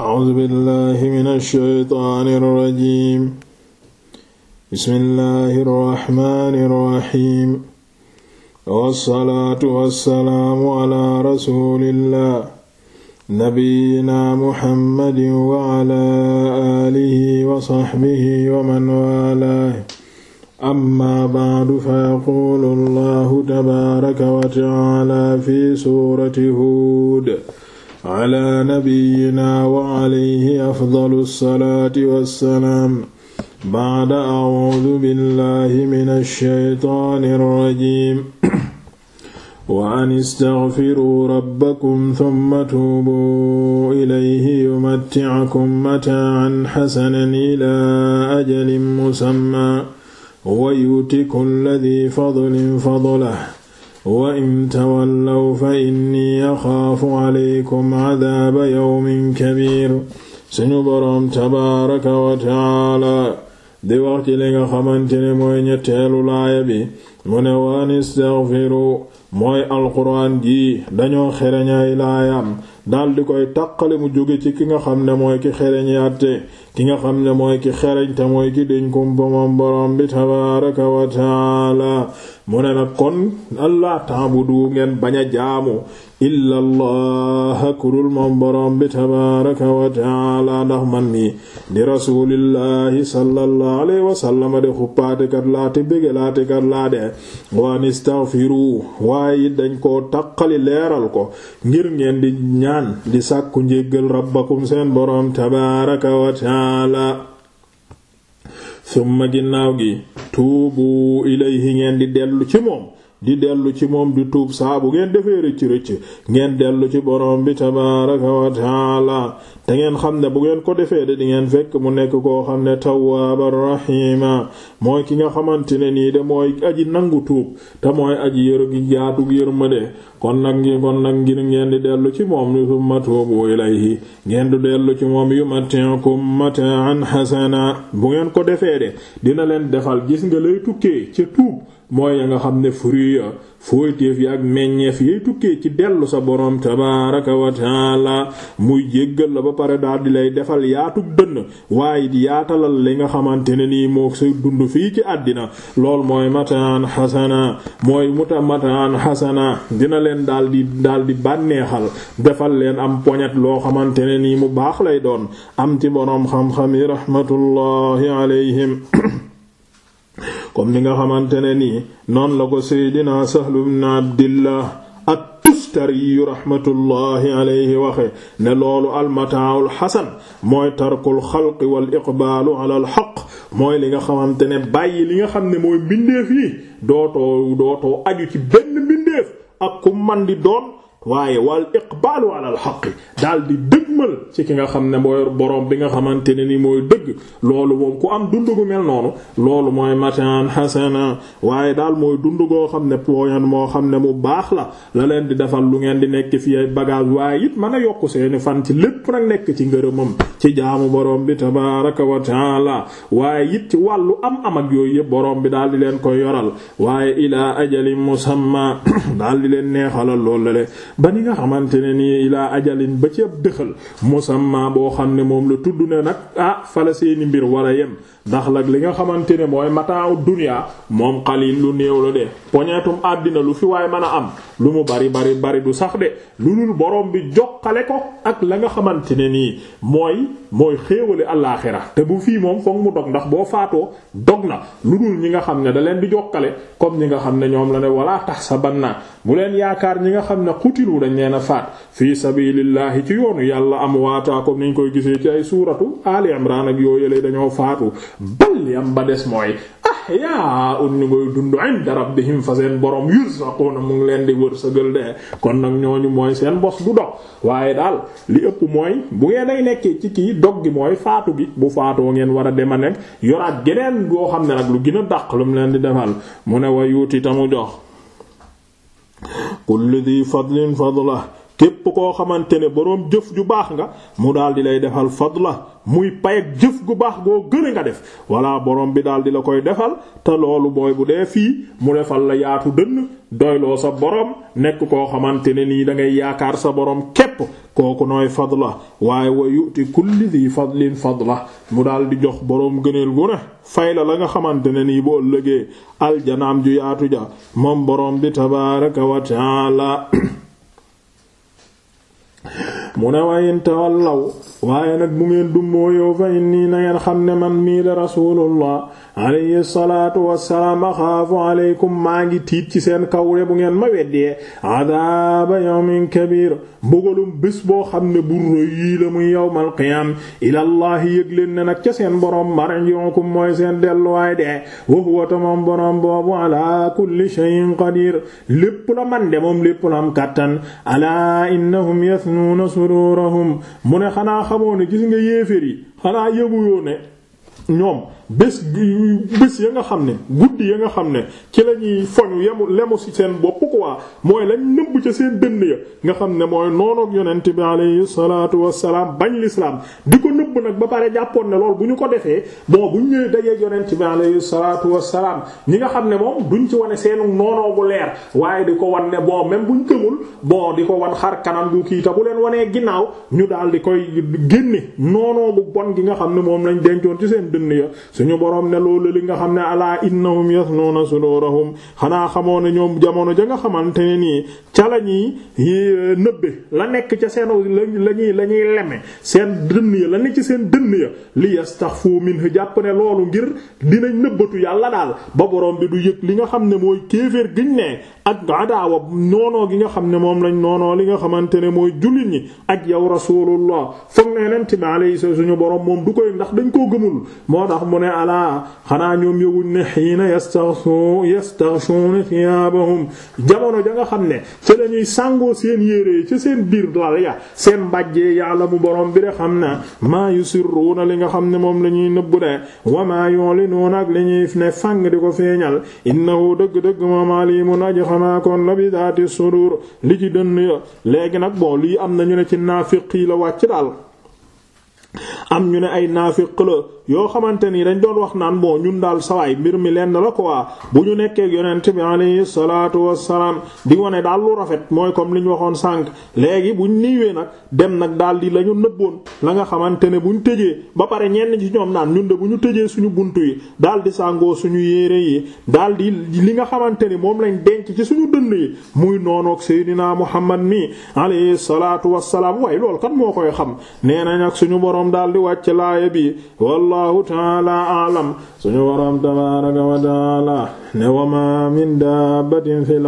A'uuzu billaahi mina shaytaani rajiim. Bismillaahi rahmaani rahiim. Wassalaatu wassalaamu alaa rasuulillaah. Nabiyyinaa Muhammadin wa alaa aalihi wa sahbihi wa man waalaahu. Ammaa ba'du fayaquulu Allaahu tabaaraka wa ta'aalaa fi suurati Huud. ala nabiyyina wa alayhi afdalu salaati wassalaam ba'da a'uudu billahi mina shaytaani rajiim wa an istaghfiruu rabbakum thumma tuubuu ilayhi yumatti'kum mataa'an hasanan ilaa ajalin musammaa wa yu'ti kulla dhii fadlin fadlahu wa in tawallaw fa inni axaafu alaykum adaaba yawmin kabiir suñu boroom tabaaraka wa taala di wax ci li nga xamante ne mooy ñetteelu laaya bi mu ne waan istaghfiru mooy alquran ji dañoo xereñ ay laayam daldi koy tàqale mu jóge ci ki nga xam ne mooy ki xereñ yàtte ki nga xam ne mooy ki xereñ te mooy ki deñ kumpa moom borom bi tabaaraka wa taala mu ne nag kon allah taabudu ngeen bañ a jaamu illa allah kurul moom borom bi tabaaraka wa taala ndax man nii di rasulillahi sallallahu alayhi de xuppaatekat laa te béggalaatekat laa de waan istaghfiru waaye dañ ko taqali leeral ko ngir ngeen di ñaan di sàkku njéggal rabbakum seen borom tabaaraka wa taala tuubu ilayhi ngeen di dellu ci moom di dellu ci moom di tuub saa bu ngeen defee rëcc rëcc ngeen dellu ci borom bi tabaaraka wa taala te ngeen xam ne bu ngeen ko defee de di ngeen fekk mu nekk koo xam ne tawwaaba rahiima mooy ki nga xamante ne nii de mooy aji nangu tuub te mooy aji yër gi yaatu yërmande kon nag ngi nag ngir ngeen di dellu ci moom ni summa ngeen du dellu ci moom yumatti'kum mata'an hasana bu ngeen ko defee de dina leen defal gis nga lay tukkee ca tuub mooy ya nga xam ne fruit ya fooytéef yi ak meññeef yay tukkee ci dellu sa boroom tabaaraka wa taala muy jéggal la ba pare daal di lay defal yaatu dënn waaye di yaatalal li nga xamante ne nii moo sa dund fii ci àddina lool mooy mataan xasana mooy muta mataan xasana dina leen daal di daal di bànneexal defal leen am poñet loo xamante ne nii mu baax lay doon am ci boroom xam-xam yi rahmatullahi alayhim kon li nga xamante ne nii noonu la ko seydina sahlu ibn abdillah Tustari rahmatullahi alayhi waxe ne loolu almataawul xasan mooy tarkul xalqi wal iqbaalu ala al mooy li nga xamante ne bàyyi li nga xam ne mooy mbindeef yi dootoo dootoo aju ci benn mbindeef ak ku man di doon waaye wal iqbaalu ala alxaqi daal di dëgmal ci ki nga xam ne mooy boroom bi nga xamante ne ni mooy dëgg loolu moom ku am dund ku mel noonu loolu mooy matan hasana waaye daal mooy dund koo xam ne pooyan moo xam ne mu baax la la leen di defal lu ngeen di nekk fi ay bagage waaye it mën a yokk seeni fan ci lépp nag nekk ci ngërëmam ci jaamu borom bi tabaaraka wa taala waaye it ci wàllu am amag yooyu yëpp borom bi daal di leen ko yoral waaye ilaa ajalin musamma daal di leen neexalal loolu le ba ni nga xamante ne nii ilaa ajalin ba ci ab dëxal musamma boo xam ne moom la tudd ne nag ah fala seeni mbir war a yem ndax nag li nga xamante ne mooy mataaw dunya moom xaliil lu néew la de poñeetum àddina lu fi waaye mën a am lu mu bari bari bari du sax de lu dul borom bi jokkale ko ak la nga xamante ne nii mooy mooy xéewale alaaxira te bu fii moom foog mu dog ndax boo faatoo dog na lu dul ñi nga xam ne da leen di jokkale comme ñi nga xam ne ñoom la ne tax wala tahsabanna bu leen yaakaar ñi nga xam ne xutilu dañ leen a faat fii sabilillahi ci yoonu yàlla amwaata comme ñu koy gisee ci ay suuratu Ali Imran ak yooyu dañoo faatu bal yam ba des mooy ahyaa'un ñu ngoy dund bi rabbihim fa seen borom yurzaquna mu ngi leen di wërsëgal de kon nag ñooñu mooy seen bos bu dog waaye daal li ëpp mooy bu ngeen day nekkee ci kii dog gi mooy faatu bi bu faatoo ngeen war a dem a nekk yoraat geneen goo xam ne nag lu gën a dàq lu mu leen di defal mu ne wa yuuti tamu jox kulli di fadlin fadla képp koo xamante ne boroom jëf ju baax nga mu daal di lay defal la muy payeg jëf gu baax goo gële nga def walla boroom bi daal di la koy defal te loolu booy bu dee fii mu defal la yaatu dënn doyloo sa boroom nekk koo xamante ne nii da ngay yaakaar sa boroom képp kooku nooy la waaye wa yu'ti kulli dhi fadlin la mu daal di jox boroom gëneel gu ne fay la la nga xamante ne nii boo ëllëgee aljanaam ju yaatu ja moom boroom bi tabaaraka wa mu ne wayin tawallaw waaye nag bu ngeen du dummóoyow fa inni na yan xam ne man mii de la alayhi salaatu wassalaam axaafu aleykum maa ngi tiit ci seen kawre bu ngeen ma weddee adaaba yawmin kabiir mbugalum bés boo xam ne bu rëy la muy yawmal qiyaam ilallaahi yëg leen ne nag ca seen boroom marji'ukum mooy seen delluwaay de wa huwa boroom boobu ala kulli shay'in qadiir lépp la man de moom lépp la am kàttan alaa innahum yasnuuna suruurahum mu ne xanaa xamoo ne gis nga yéefér xanaa yëgu yoo ñoom bés bés ya nga xam ne guddi ya nga xam ne ci la ñuy foñu yemu lemu si seen ko waa mooy lañ nëbb ca seen dënn ya nga xam ne mooy noonoog yonent bi alayhi salaatu wassalaam bañ lislaam di ko nëbb nag ba pare jàppoon ne lool bu ñu ko defee bon bu ñu ñëwee bi alayhi salaatu wassalaam ñi nga xam ne moom duñ ci wane seenu bu leer waaye di ko wan ne bon même buñ gëmul bon di ko wan xar kanam bu kii ta bu leen wanee ginnaaw ñu daal di koy génne noonoogu bon gi nga xam ne moom lañ dencoon ci seen dënn ya suñu borom ne loolu li nga xam ne alaa innahum yasnuuna sudurahum xanaa xamoon ne ñoom jamono ja nga xamante ne nii ca la ñuy euh, nëbbe la nekk ca seen la ñuy la ñuy leme seen dënn ya la nekk ci seen dënn ya li yastaxfu minhu jàpp ne loolu ngir dinañ nëbbatu yàlla daal ba borom bi du yëg li nga xam ne mooy kéeféer giñ ne ak adaawa noonoo gi nga xam ne moom lañ noonoo li nga xamante ne mooy jullit ñi ak yow rasulullah foog ne yonent bi alayhi suñu borom moom du koy ndax dañ koo gëmul moo tax mu ne alaa xanaa ñoom yëguñ ne xiina yastaghshu yastaghshuna jamono ja xam ne ca lañuy sàngoo seen yére ca seen biir lal ya seen mbàjjee yàlla mu borom bi de xam na maa yusirruuna li nga xam ne moom la ñuy nëbbu de wa ak li ñuy ne fàng di ko feeñal innahu dëgg-dëgg moom alimun kama kon la bi daati sudur li ci dënn ya léegi nag bon lii am na ñu ne ci naafiq yi la wàcc daal am ñu ne ay naafiq la yoo xamante ni dañ doon wax naan bon ñun daal sawaay mbir mi lenn la quoi bu ñu nekkee yonent bi alayhi salaatu wassalaam di wane daal lu rafet mooy comme li ñu waxoon sànq léegi buñ niiwee nag dem nag daal di la ñu nëbboon la nga xamante ne ñu tëjee ba pare ñenn ci ñoom naan ñun de bu ñu tëjee suñu bunt yi daal di sàngoo suñu yére yi daal di li nga xamante ni moom lañ denc ci suñu dënn yi muy noonoog Seydina Muhammad mi alayhi salaatu wassalaam waaye loolu kan moo koy xam nee nañ ak boroom daal di wàcc laaya bi wallahu taala alam suñu boroom tabaaraka wa taala ne wa ma min dabbatin fil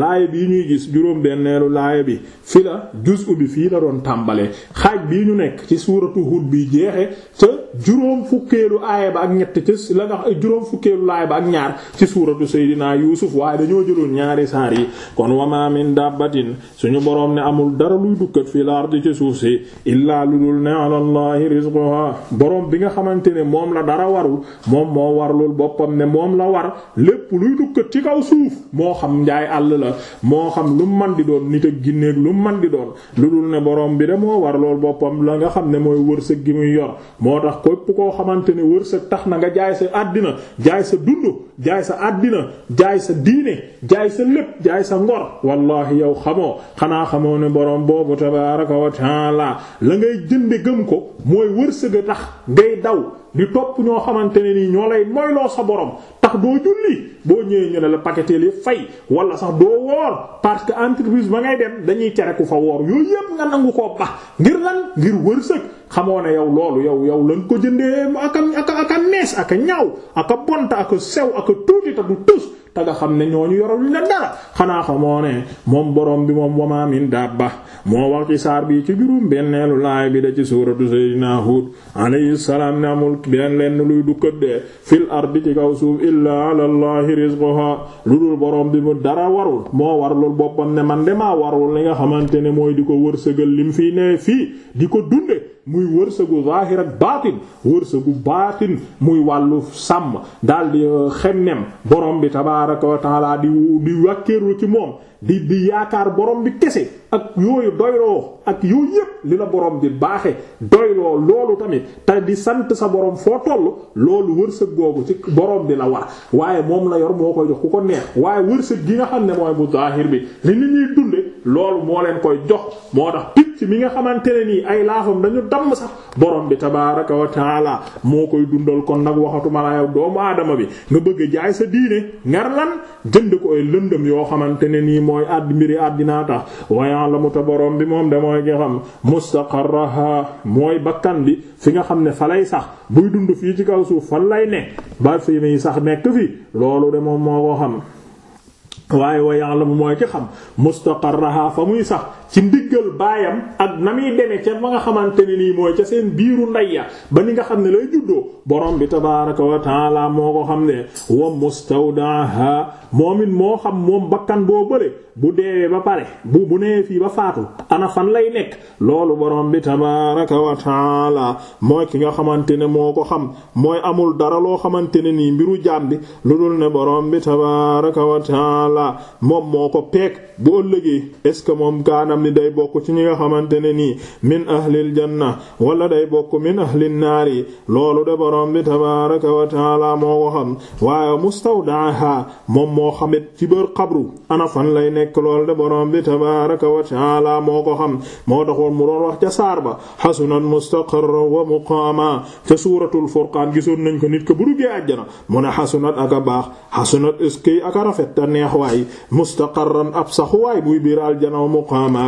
laaya bi ñuy gis juróom benneelu laaya bi fi la juz'u fii la doon tàmbale xaaj bi ñu nekk ci suuratu Hud bi jeexe juróom fukkeelu aaya ba ak ñett ci la juróom fukkeelu aaya ba ak ñaar ci suuratu Seydina Yuusuf waaye dañoo jëloon ñaari saar yi kon wama min dabbatin suñu boroom ne amul dara luy dukkat fil ardi ci suuf si illaa lu dul ne ala Allahi rizquha boroom bi nga xamante ne moom la dara warul moom moo warlul boppam ne moom la war lépp luy dukkat ci kaw suuf moo xam njaay àll la moo xam lu man di doon nit ak ginneeg lu man di doon lu dul ne boroom bi de moo war lool boppam la nga xam ne mooy wërsëg gi muy képp koo xamante ne wërsëg tax na nga jaay sa àddina jaay sa dund jaay sa àddina jaay sa diine jaay sa lépp jaay sa ngor wallahi yow xamoo xanaa xamoo ne borom boobu tabaaraka wa taala la ngay jënde gëm ko mooy wërsëg a tax ngay daw di topp ñoo xamante ne nii ñoo lay moyloo sa borom tax doo julli boo ñëwee ñu la paquetel yi fay wala sax doo woor parce que entreprise ba ngay dem dañuy cere ku fa woor yooyu yépp nga nangu koo bax ngir lan ngir xamoo ne yow loolu yow yow lañ ko jëndee ak a ak a ak a ñaaw ak bonta ak sew ak a tuuti te du tus te nga xam ne ñooñu yoraluñ la dara xanaa xamoo ne moom borom bi moom wama min dabba moo wax ci saar bi ci juróom benneelu laay bi da ci suuratu sayyidina Hud alayhi salaam ne amul benn lenn luy dukkat de fil ardi ci kaw suuf illaa ala allahi rizquha lu dul borom bi mu dara warul moo warlul boppam ne man de maa warul li nga xamante ne mooy di ko wërsëgal lim fii nee fii di ko dunde muy wërsëgu zaahir ak baatin wërsëgu baatin muy wàllu sàmm dal di euh, borom tabaaraka wa taala di di wàkkeeru ci moom di di yaakaar borom bi kese ak yooyu doyloo ak yooyu yépp li la borom bi baaxe doyloo loolu tamit te di sant sa borom foo toll loolu wërsëg googu ci borom bi la war waaye moom la yor moo koy jox ku ko neex waaye wërsëg gi nga xam ne mooy bu zaahir bi li nit ñuy dunde loolu moo leen koy jox moo tax picc mi nga xamante ne nii ay laafam dañu damm sax borom bi tabaaraka wa taala moo koy dundal kon nag waxatuma la yow doomu aadama bi nga bëgg jaay sa diine ngar lan jënd ko ay lëndëm yoo xamante ne nii mooy àdd mbiri àddinaa tax waya'lamu ta borom bi moom de mooy nga xam mustaqarraha mooy bakkan bi fi nga xam ne fa lay sax buy dund fii ci kaw suuf fan lay ne ba fi muy sax nekk fi loolu de moom moo ko xam waaye wa ya'lamu mooy ki xam mustaqarraha fa muy sax ci ndiggal baayam ak na muy demee ca ma nga xamante ni nii mooy ca seen biiru ndey ya ba ni nga xam ne lay juddoo borom bi tabaaraka wa moo ko xam ne wa mustawdaaha moom moo bakkan boo bu fii ba faatu ana nekk loolu borom bi tabaaraka wa xamante ne moo ko xam mooy amul dara loo xamante ne nii mbiru jaam bi lu dul ne borom bi moom moo ko peek bu ëllëgee est ce que moom gaanam xam ni day bokk ci ñi nga xamante ne nii min ahlil janna wala day bokk min ahlin naari loolu de borom bi tabaaraka wa taala moo ko xam waaye mustawdaaha moom moo xamit ci bër xabru ana fan lay nekk loolu de borom bi tabaaraka wa taala moo ko xam moo taxoon mu doon wax ca saar ba hasunat mustaqarra wa muqaama ca suuratul furqaan gisoon nañ ko nit ko bu duggee àjjana mu ne hasunat aka baax hasunat eskay aka rafet ta neex waay mustaqarran ab saxuwaay buy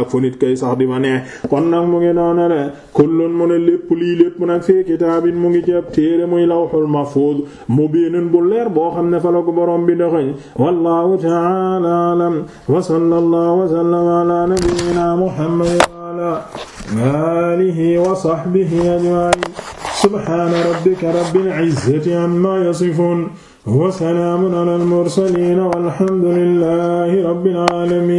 ak fu nit kay sax di ma ne kon nag mu ngi noonu le kullun mu ne lépp lii lépp nag fii kitaabin mu ngi jàpp téere muy lawhul mahfuz mubiinun bu leer boo xam ne fa la ko borom bi doxeñ wallahu ta'ala alam wa sallallahu wa sallama ala nabiyyina muhammad wa ala alihi wa sahbihi ajma'in subhana rabbika rabbil izzati amma yasifun wa salaamun ala al mursalin walhamdulillahi rabbil alamin